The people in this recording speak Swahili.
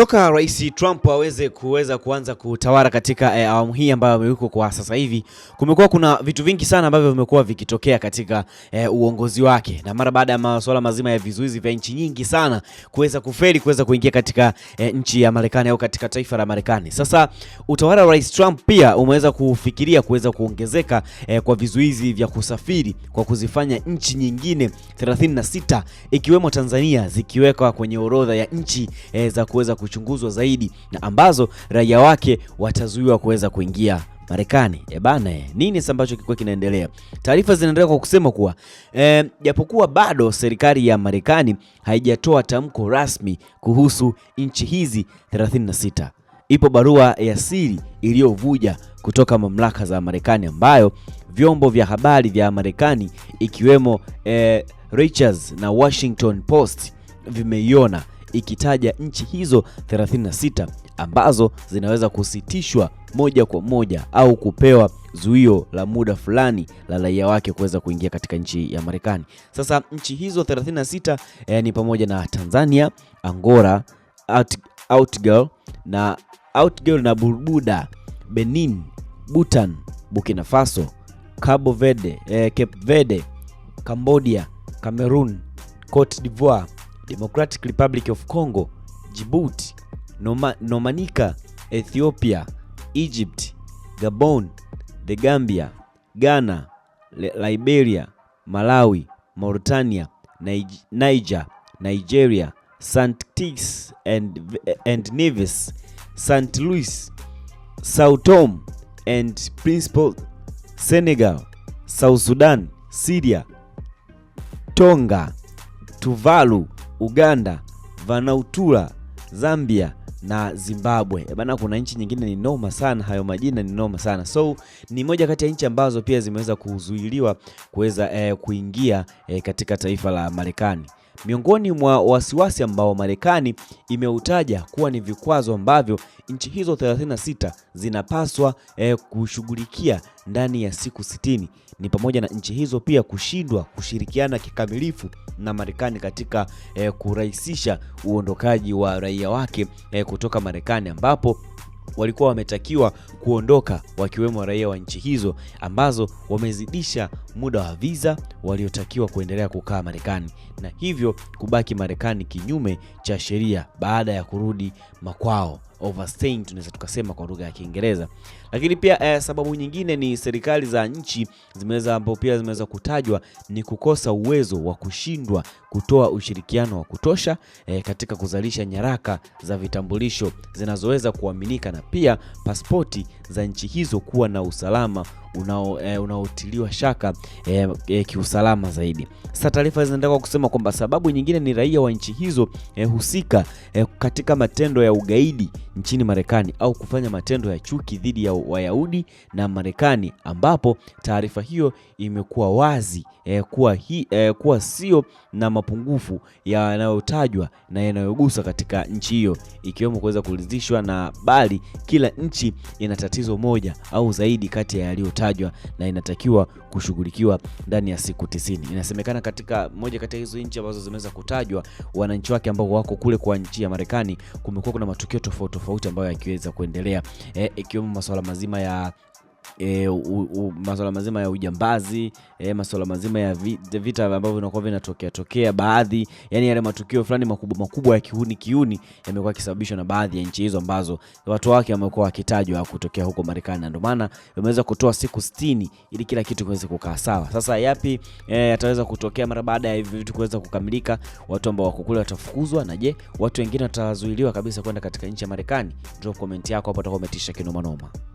Toka Rais Trump aweze kuweza kuanza kutawala katika eh, awamu hii ambayo ameuko kwa sasa hivi, kumekuwa kuna vitu vingi sana ambavyo vimekuwa vikitokea katika eh, uongozi wake, na mara baada ya masuala mazima ya vizuizi vya nchi nyingi sana kuweza kufeli kuweza kuingia katika eh, nchi ya Marekani au katika taifa la Marekani. Sasa utawala wa Rais Trump pia umeweza kufikiria kuweza kuongezeka eh, kwa vizuizi vya kusafiri kwa kuzifanya nchi nyingine 36 ikiwemo Tanzania zikiwekwa kwenye orodha ya nchi eh, za kuweza kuchunguzwa zaidi na ambazo raia wake watazuiwa kuweza kuingia Marekani. E bana, eh, nini ambacho kilikuwa kinaendelea? Taarifa zinaendelea kwa kusema kuwa eh, japokuwa e, bado serikali ya Marekani haijatoa tamko rasmi kuhusu nchi hizi 36. Ipo barua ya siri iliyovuja kutoka mamlaka za Marekani ambayo vyombo vya habari vya Marekani ikiwemo e, Reuters na Washington Post vimeiona ikitaja nchi hizo 36 ambazo zinaweza kusitishwa moja kwa moja au kupewa zuio la muda fulani la raia wake kuweza kuingia katika nchi ya Marekani. Sasa nchi hizo 36 eh, ni pamoja na Tanzania, Angola, Outgirl na Outgirl na Burbuda, Benin, Bhutan, Burkina Faso, Cabo Verde, eh, Cape Verde, Cambodia, Cameroon, Cote d'Ivoire Democratic Republic of Congo, Djibouti, Noma, Nomanika, Ethiopia, Egypt, Gabon, The Gambia, Ghana, Liberia, Malawi, Mauritania, Niger, Nigeria, St. Kitts and, and Nevis, St. Louis, Sao Tome and Principe, Senegal, South Sudan, Syria, Tonga, Tuvalu, Uganda, vanautula Zambia na Zimbabwe. Eh bana, kuna nchi nyingine ni noma sana, hayo majina ni noma sana. So ni moja kati ya nchi ambazo pia zimeweza kuzuiliwa kuweza eh, kuingia eh, katika taifa la Marekani. Miongoni mwa wasiwasi ambao Marekani imeutaja kuwa ni vikwazo ambavyo nchi hizo 36 zinapaswa e, kushughulikia ndani ya siku sitini ni pamoja na nchi hizo pia kushindwa kushirikiana kikamilifu na Marekani katika e, kurahisisha uondokaji wa raia wake e, kutoka Marekani ambapo walikuwa wametakiwa kuondoka wakiwemo raia wa nchi hizo ambazo wamezidisha muda wa visa waliotakiwa kuendelea kukaa Marekani na hivyo kubaki Marekani kinyume cha sheria baada ya kurudi makwao overstaying tunaweza tukasema kwa lugha ya Kiingereza. Lakini pia eh, sababu nyingine ni serikali za nchi zimeweza ambapo pia zimeweza kutajwa ni kukosa uwezo wa kushindwa kutoa ushirikiano wa kutosha eh, katika kuzalisha nyaraka za vitambulisho zinazoweza kuaminika na pia pasipoti za nchi hizo kuwa na usalama unao e, unaotiliwa shaka e, e, kiusalama zaidi. Sasa taarifa zinataka kusema kwamba sababu nyingine ni raia wa nchi hizo e, husika e, katika matendo ya ugaidi nchini Marekani au kufanya matendo ya chuki dhidi ya Wayahudi na Marekani, ambapo taarifa hiyo imekuwa wazi e, kuwa, hi, e, kuwa sio na mapungufu yanayotajwa na yanayogusa katika nchi hiyo, ikiwemo kuweza kuridhishwa na bali kila nchi ina tatizo moja au zaidi kati ya yaliyotajwa na inatakiwa kushughulikiwa ndani ya siku tisini. Inasemekana katika moja kati ya hizo nchi ambazo zimeweza kutajwa, wananchi wake ambao wako kule kwa nchi ya Marekani, kumekuwa kuna matukio tofauti tofauti ambayo yakiweza kuendelea, eh, ikiwemo e, masuala mazima ya e, eh, masuala mazima ya ujambazi e, eh, masuala mazima ya vita ambavyo vinakuwa vinatokea tokea baadhi, yani yale matukio fulani makubwa makubwa ya kihuni kiuni yamekuwa yakisababishwa na baadhi ya nchi hizo ambazo watu wake wamekuwa wakitajwa kutokea huko Marekani, na ndio maana wameweza kutoa siku 60 ili kila kitu kiweze kukaa sawa. Sasa yapi e, yataweza kutokea mara baada ya hivi vitu kuweza kukamilika? Watu ambao wako kule watafukuzwa, na je, watu wengine watazuiliwa kabisa kwenda katika nchi ya Marekani? Drop comment yako hapo, utakometisha kinomanoma.